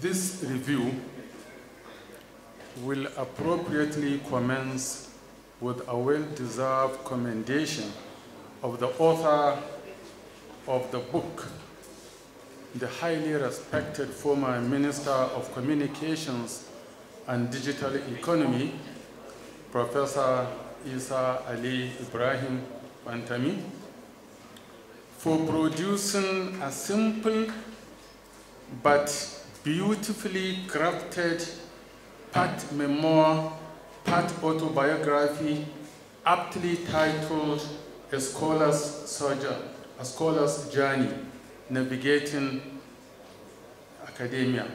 This review will appropriately commence with a well-deserved commendation of the author of the book, the highly respected former Minister of Communications and Digital Economy, Professor Isa Ali Ibrahim Bantami, for producing a simple but beautifully crafted, part memoir, part autobiography, aptly titled A Scholar's Soldier: A Scholar's Journey, Navigating Academia,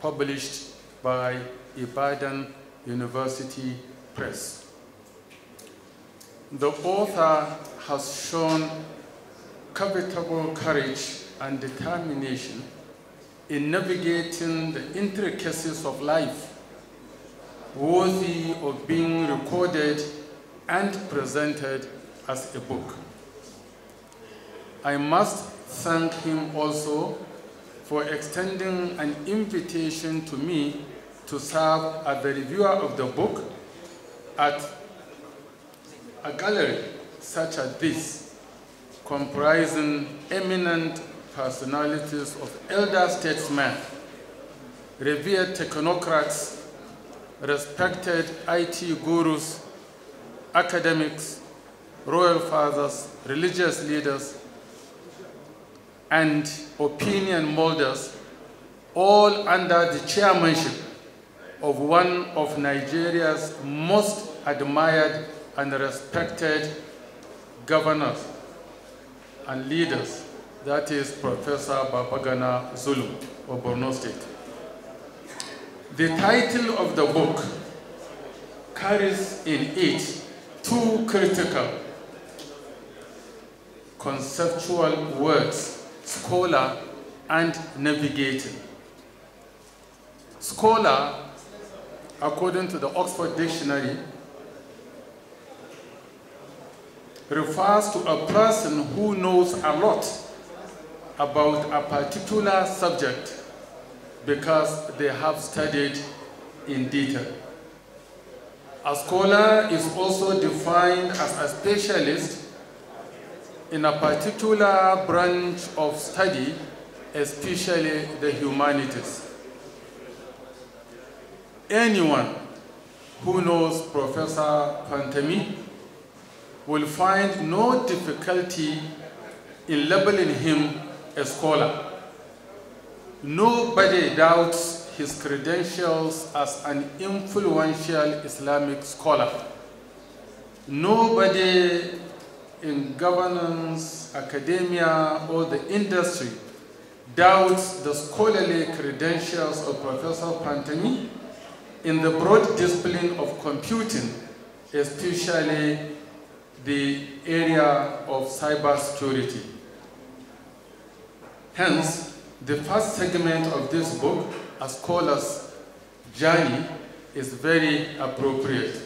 published by Ibadan University Press. The author has shown covetable courage and determination in navigating the intricacies of life, worthy of being recorded and presented as a book. I must thank him also for extending an invitation to me to serve as the reviewer of the book at a gallery such as this, comprising eminent personalities of elder statesmen, revered technocrats, respected IT gurus, academics, royal fathers, religious leaders, and opinion molders, all under the chairmanship of one of Nigeria's most admired and respected governors and leaders. That is Professor Babagana Zulu of Borno State. The title of the book carries in it two critical conceptual words, scholar and navigating. Scholar, according to the Oxford Dictionary, refers to a person who knows a lot about a particular subject because they have studied in detail. A scholar is also defined as a specialist in a particular branch of study, especially the humanities. Anyone who knows Professor Pantemi will find no difficulty in labeling him a scholar. Nobody doubts his credentials as an influential Islamic scholar. Nobody in governance, academia, or the industry doubts the scholarly credentials of Professor Pantani in the broad discipline of computing, especially the area of cybersecurity. Hence, the first segment of this book, A Scholar's Journey, is very appropriate.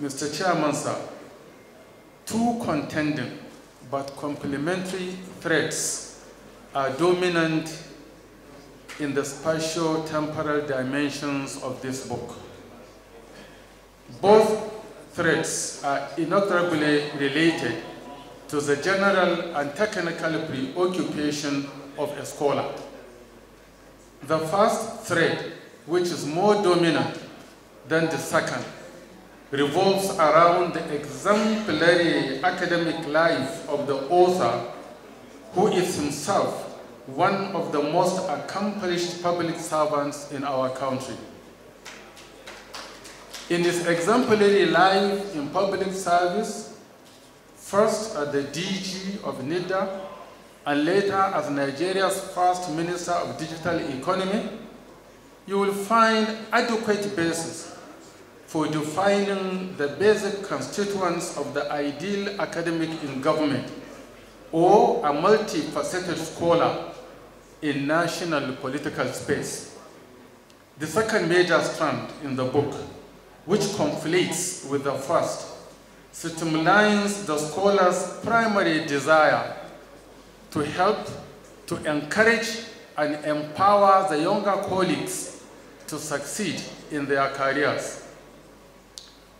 Mr. Chairman, sir, two contending but complementary threats are dominant in the spatial-temporal dimensions of this book. Both threats are inexorably related to the general and technical preoccupation of a scholar. The first thread, which is more dominant than the second, revolves around the exemplary academic life of the author, who is himself one of the most accomplished public servants in our country. In his exemplary life in public service, first as uh, the DG of NIDA and later as Nigeria's first Minister of Digital Economy, you will find adequate basis for defining the basic constituents of the ideal academic in government or a multifaceted scholar in national political space. The second major strand in the book, which conflicts with the first, streamlines the scholar's primary desire to help, to encourage, and empower the younger colleagues to succeed in their careers.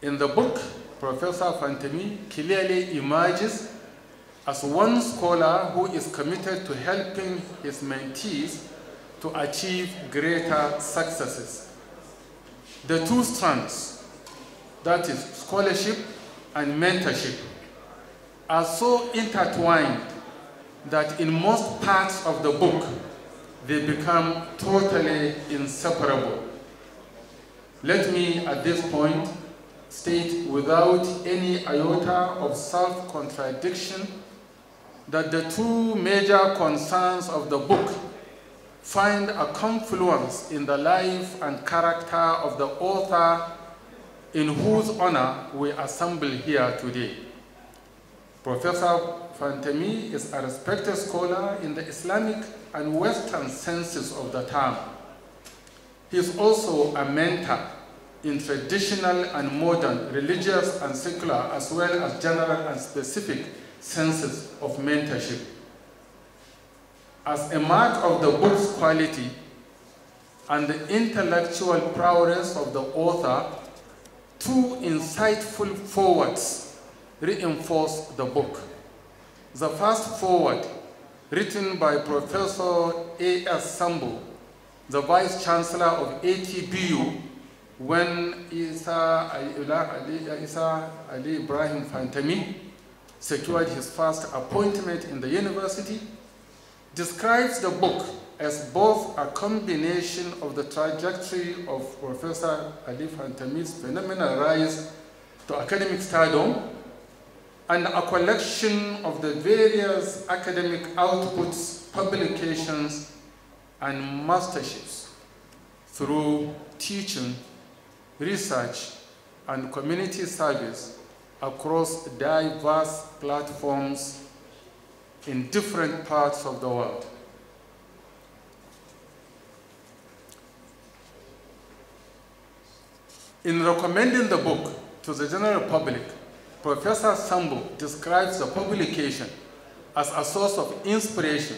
In the book, Professor Fantemi clearly emerges as one scholar who is committed to helping his mentees to achieve greater successes. The two strands, that is scholarship and mentorship are so intertwined that in most parts of the book, they become totally inseparable. Let me, at this point, state without any iota of self-contradiction that the two major concerns of the book find a confluence in the life and character of the author in whose honor we assemble here today. Professor Fantemi is a respected scholar in the Islamic and Western senses of the term. He is also a mentor in traditional and modern religious and secular as well as general and specific senses of mentorship. As a mark of the book's quality and the intellectual prowess of the author, two insightful forwards reinforce the book. The first forward, written by Professor A.S. Sambo, the Vice Chancellor of ATBU, when Isa Ali, Isa Ali Ibrahim Fantami secured his first appointment in the university, describes the book as both a combination of the trajectory of Professor Ali Hantami's phenomenal rise to academic stardom and a collection of the various academic outputs, publications, and masterships through teaching, research, and community service across diverse platforms in different parts of the world. In recommending the book to the general public, Professor Sambu describes the publication as a source of inspiration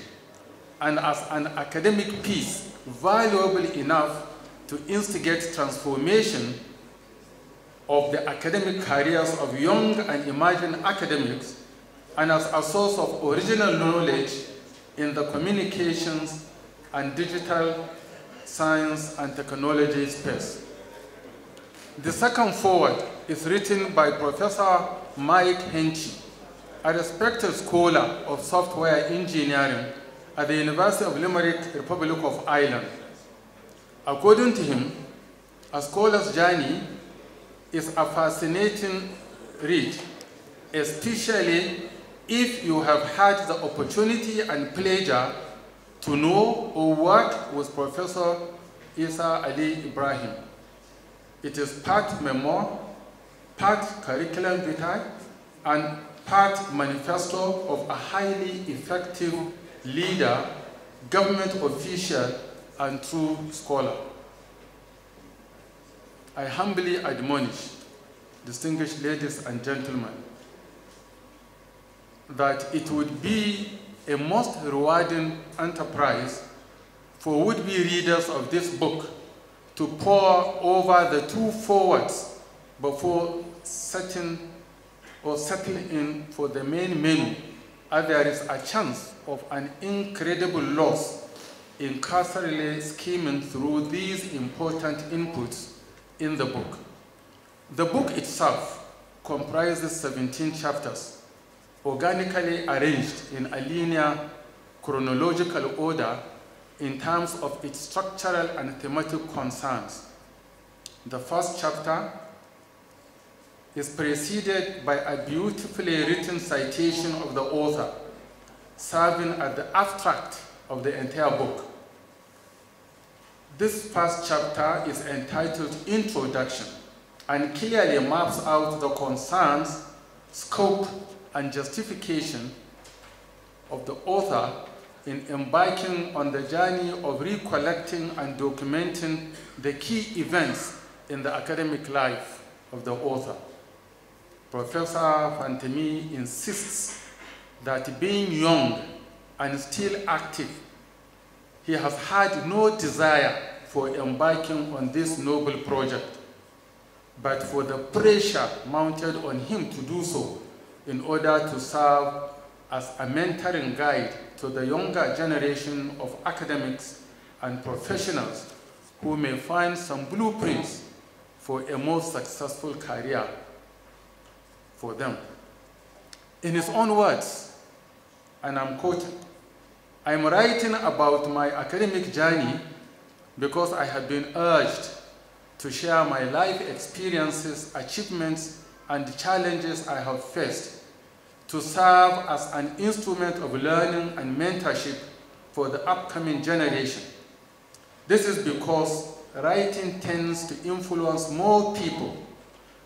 and as an academic piece valuable enough to instigate transformation of the academic careers of young and emerging academics and as a source of original knowledge in the communications and digital science and technology space. The second forward is written by Professor Mike Henke, a respected scholar of software engineering at the University of Limerick, Republic of Ireland. According to him, a scholar's journey is a fascinating read, especially if you have had the opportunity and pleasure to know or work with Professor Isa Ali Ibrahim. It is part memo, part curriculum vitae, and part manifesto of a highly effective leader, government official, and true scholar. I humbly admonish, distinguished ladies and gentlemen, that it would be a most rewarding enterprise for would-be readers of this book to pour over the two forwards before setting or settling in for the main menu, as there is a chance of an incredible loss in cursorily skimming through these important inputs in the book. The book itself comprises 17 chapters, organically arranged in a linear chronological order in terms of its structural and thematic concerns. The first chapter is preceded by a beautifully written citation of the author, serving as the abstract of the entire book. This first chapter is entitled Introduction and clearly maps out the concerns, scope, and justification of the author in embarking on the journey of recollecting and documenting the key events in the academic life of the author. Professor Fantemi insists that being young and still active, he has had no desire for embarking on this noble project, but for the pressure mounted on him to do so in order to serve as a mentoring guide to the younger generation of academics and professionals who may find some blueprints for a more successful career for them. In his own words, and I'm quoting, I'm writing about my academic journey because I have been urged to share my life experiences, achievements, and challenges I have faced to serve as an instrument of learning and mentorship for the upcoming generation. This is because writing tends to influence more people.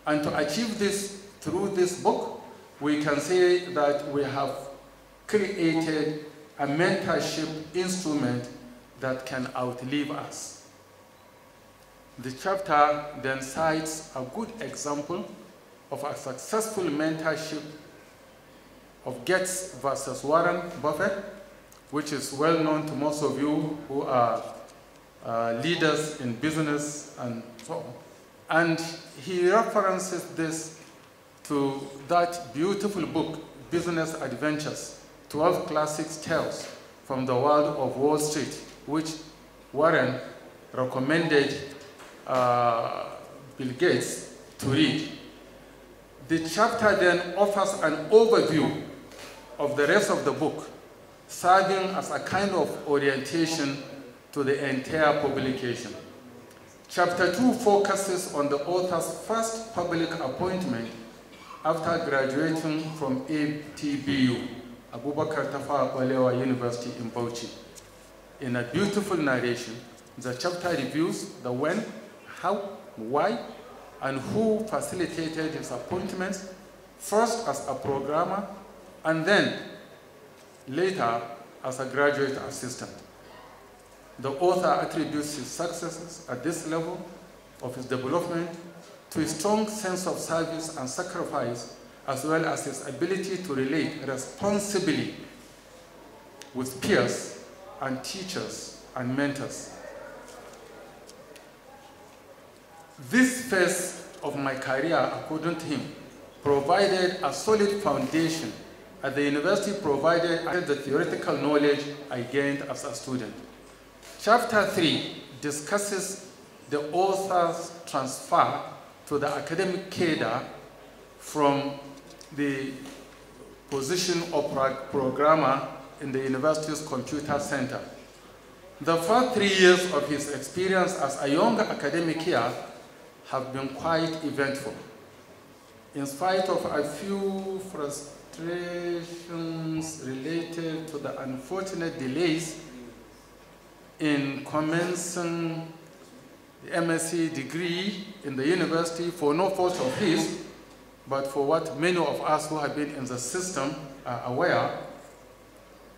And to achieve this through this book, we can say that we have created a mentorship instrument that can outlive us. The chapter then cites a good example of a successful mentorship of Gates versus Warren Buffett, which is well known to most of you who are uh, leaders in business and so on. And he references this to that beautiful book, Business Adventures, 12 Classic Tales from the World of Wall Street, which Warren recommended uh, Bill Gates to read. The chapter then offers an overview of the rest of the book, serving as a kind of orientation to the entire publication. Chapter 2 focuses on the author's first public appointment after graduating from ATBU, Abubakar Tafawa Olewa University in Bauchi. In a beautiful narration, the chapter reviews the when, how, why, and who facilitated his appointments, first as a programmer and then later as a graduate assistant. The author attributes his successes at this level of his development to his strong sense of service and sacrifice, as well as his ability to relate responsibly with peers and teachers and mentors. This phase of my career, according to him, provided a solid foundation at the university provided the theoretical knowledge I gained as a student. Chapter 3 discusses the author's transfer to the academic cadre from the position of programmer in the university's computer center. The first three years of his experience as a young academic here have been quite eventful. In spite of a few frustrations frustrations related to the unfortunate delays in commencing the MSc degree in the university for no fault of his, but for what many of us who have been in the system are aware,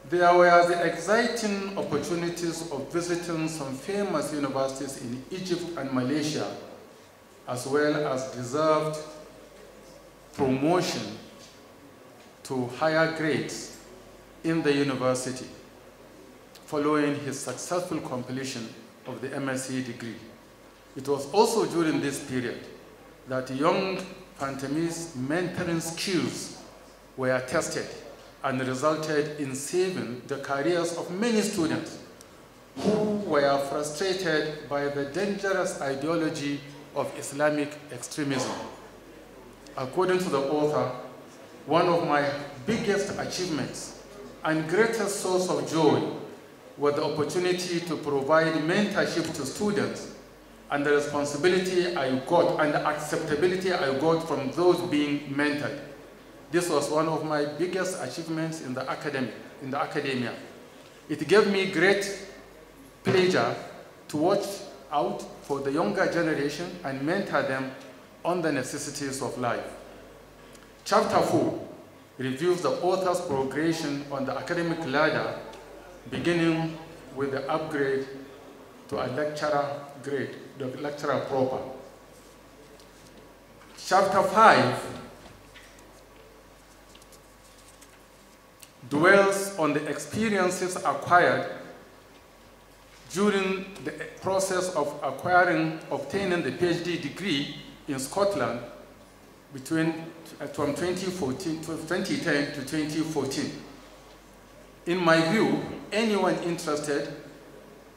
there were the exciting opportunities of visiting some famous universities in Egypt and Malaysia, as well as deserved promotion to higher grades in the university following his successful completion of the MSc degree. It was also during this period that young Pantemi's mentoring skills were tested and resulted in saving the careers of many students who were frustrated by the dangerous ideology of Islamic extremism. According to the author, one of my biggest achievements and greatest source of joy was the opportunity to provide mentorship to students and the responsibility I got and the acceptability I got from those being mentored. This was one of my biggest achievements in the, academic, in the academia. It gave me great pleasure to watch out for the younger generation and mentor them on the necessities of life. Chapter 4 reviews the author's progression on the academic ladder, beginning with the upgrade to a lecturer grade, the lecturer proper. Chapter 5 dwells on the experiences acquired during the process of acquiring, obtaining the PhD degree in Scotland between uh, from 2014 to 2010 to 2014. In my view, anyone interested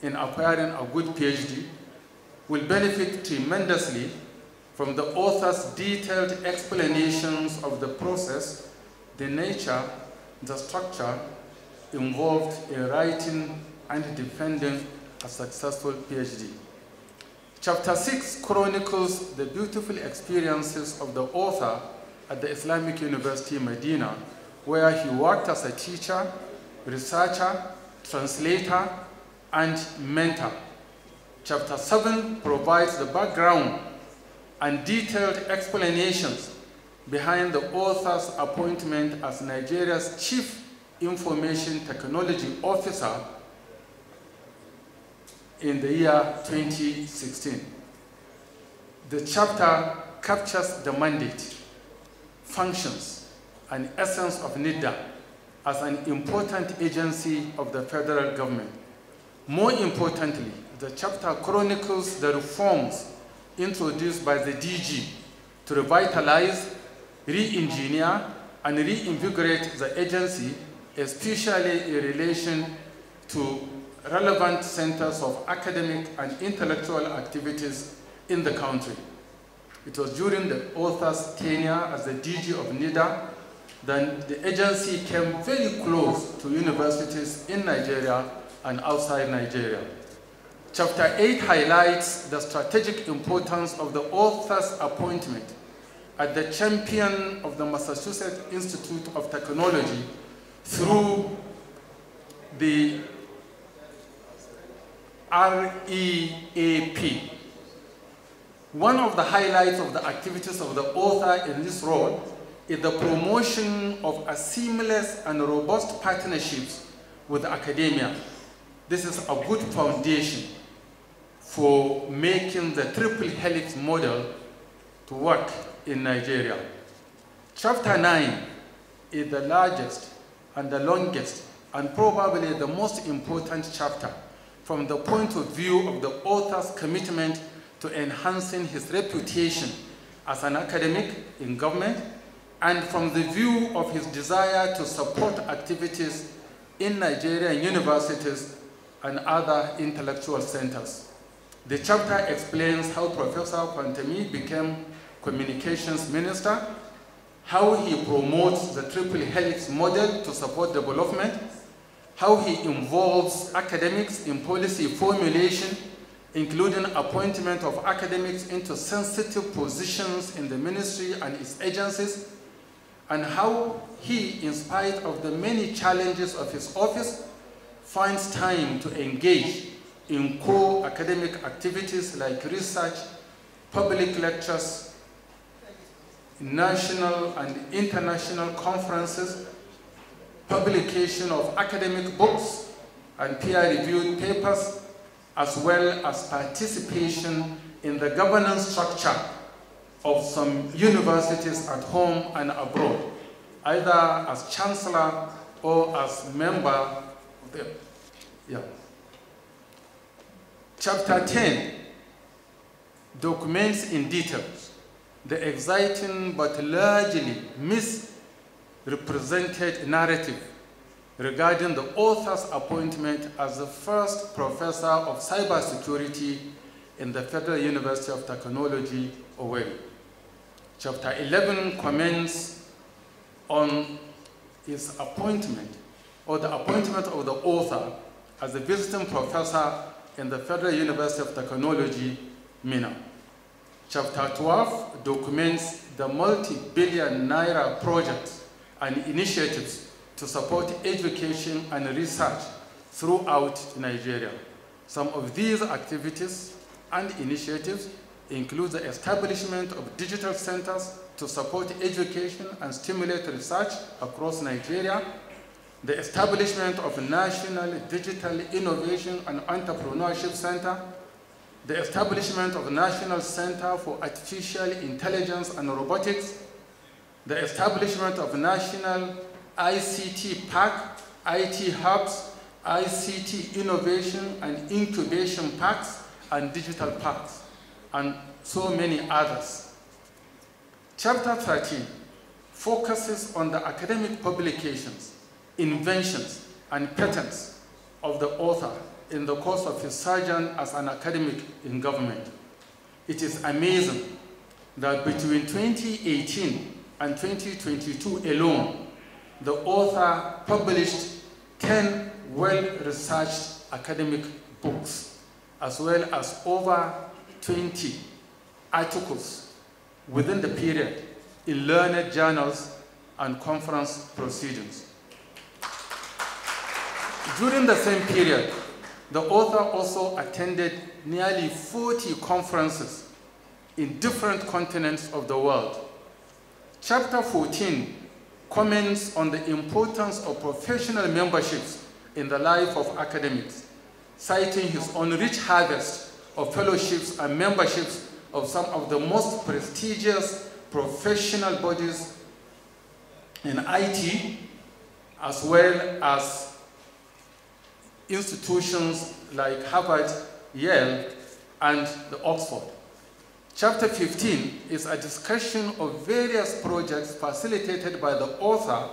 in acquiring a good PhD will benefit tremendously from the author's detailed explanations of the process, the nature, the structure involved in writing and defending a successful PhD. Chapter 6 chronicles the beautiful experiences of the author at the Islamic University Medina, where he worked as a teacher, researcher, translator, and mentor. Chapter 7 provides the background and detailed explanations behind the author's appointment as Nigeria's chief information technology officer in the year 2016. The chapter captures the mandate, functions, and essence of NIDA as an important agency of the federal government. More importantly, the chapter chronicles the reforms introduced by the DG to revitalize, re-engineer, and reinvigorate the agency, especially in relation to relevant centers of academic and intellectual activities in the country. It was during the author's tenure as the DG of NIDA that the agency came very close to universities in Nigeria and outside Nigeria. Chapter 8 highlights the strategic importance of the author's appointment at the champion of the Massachusetts Institute of Technology through the REAP. One of the highlights of the activities of the author in this role is the promotion of a seamless and robust partnerships with academia. This is a good foundation for making the triple helix model to work in Nigeria. Chapter 9 is the largest and the longest and probably the most important chapter from the point of view of the author's commitment to enhancing his reputation as an academic in government and from the view of his desire to support activities in Nigerian universities and other intellectual centers. The chapter explains how Professor Kwantemi became communications minister, how he promotes the triple helix model to support development, how he involves academics in policy formulation, including appointment of academics into sensitive positions in the ministry and its agencies, and how he, in spite of the many challenges of his office, finds time to engage in core academic activities like research, public lectures, national and international conferences, publication of academic books and peer-reviewed papers, as well as participation in the governance structure of some universities at home and abroad, either as chancellor or as member of them. Yeah. Chapter 10 documents in details the exciting but largely missed represented a narrative regarding the author's appointment as the first professor of cybersecurity in the Federal University of Technology, Owerri. Chapter 11 comments on his appointment or the appointment of the author as a visiting professor in the Federal University of Technology, Minna. Chapter 12 documents the multi-billion Naira project and initiatives to support education and research throughout Nigeria. Some of these activities and initiatives include the establishment of digital centers to support education and stimulate research across Nigeria, the establishment of National Digital Innovation and Entrepreneurship Center, the establishment of National Center for Artificial Intelligence and Robotics, the establishment of national ICT park, IT hubs, ICT innovation and incubation parks, and digital parks, and so many others. Chapter 13 focuses on the academic publications, inventions, and patents of the author in the course of his sojourn as an academic in government. It is amazing that between 2018 and 2022 alone, the author published 10 well-researched academic books, as well as over 20 articles within the period in learned journals and conference proceedings. During the same period, the author also attended nearly 40 conferences in different continents of the world Chapter 14 comments on the importance of professional memberships in the life of academics, citing his own rich harvest of fellowships and memberships of some of the most prestigious professional bodies in IT, as well as institutions like Harvard, Yale, and the Oxford. Chapter 15 is a discussion of various projects facilitated by the author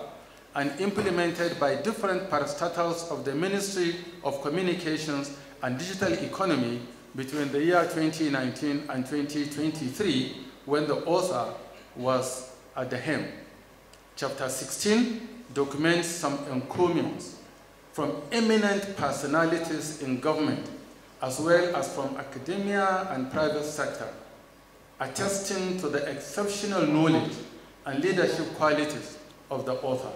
and implemented by different parastatals of the Ministry of Communications and Digital Economy between the year 2019 and 2023 when the author was at the helm. Chapter 16 documents some encomiums from eminent personalities in government as well as from academia and private sector attesting to the exceptional knowledge and leadership qualities of the author.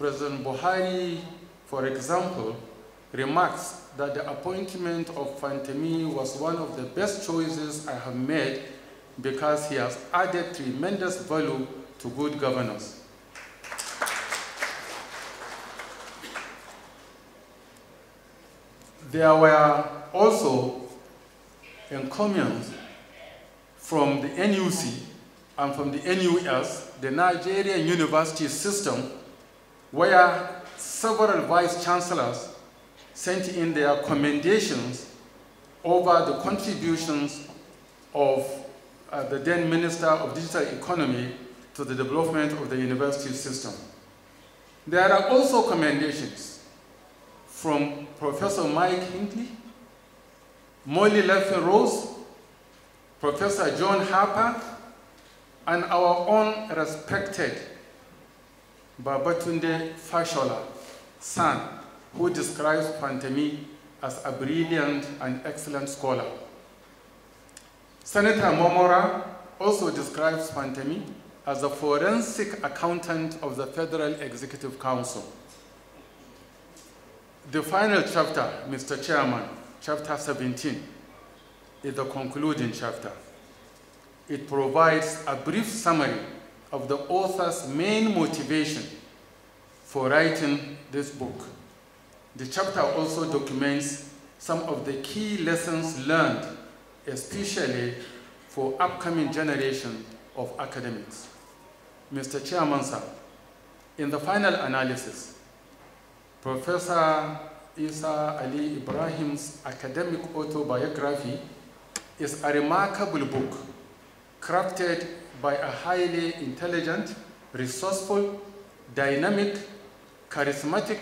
President Buhari, for example, remarks that the appointment of Fantemi was one of the best choices I have made because he has added tremendous value to good governance. There were also encomiums from the NUC and from the NUS, the Nigerian University System, where several vice chancellors sent in their commendations over the contributions of uh, the then Minister of Digital Economy to the development of the university system. There are also commendations from Professor Mike Hinkley, Molly Leffin-Rose, Professor John Harper, and our own respected Babatunde Fashola, son, who describes Pantemi as a brilliant and excellent scholar. Senator Momora also describes Pantemi as a forensic accountant of the Federal Executive Council. The final chapter, Mr. Chairman, chapter 17, is the concluding chapter. It provides a brief summary of the author's main motivation for writing this book. The chapter also documents some of the key lessons learned, especially for upcoming generation of academics. Mr. Chairman, sir, in the final analysis, Professor Isa Ali Ibrahim's academic autobiography is a remarkable book crafted by a highly intelligent, resourceful, dynamic, charismatic,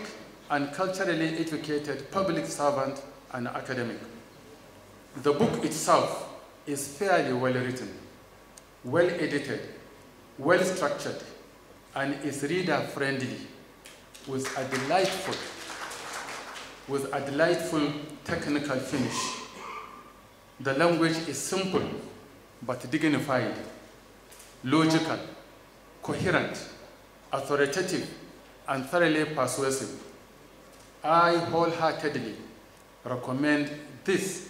and culturally educated public servant and academic. The book itself is fairly well written, well edited, well structured, and is reader friendly with a delightful, with a delightful technical finish the language is simple but dignified, logical, coherent, authoritative, and thoroughly persuasive. I wholeheartedly recommend this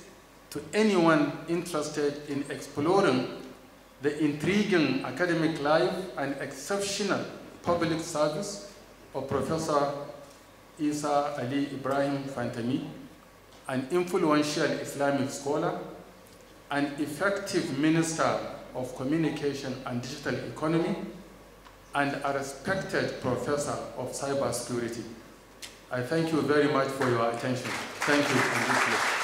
to anyone interested in exploring the intriguing academic life and exceptional public service of Professor Isa Ali Ibrahim Fantami, an influential Islamic scholar an effective minister of communication and digital economy and a respected professor of cybersecurity. I thank you very much for your attention. Thank you.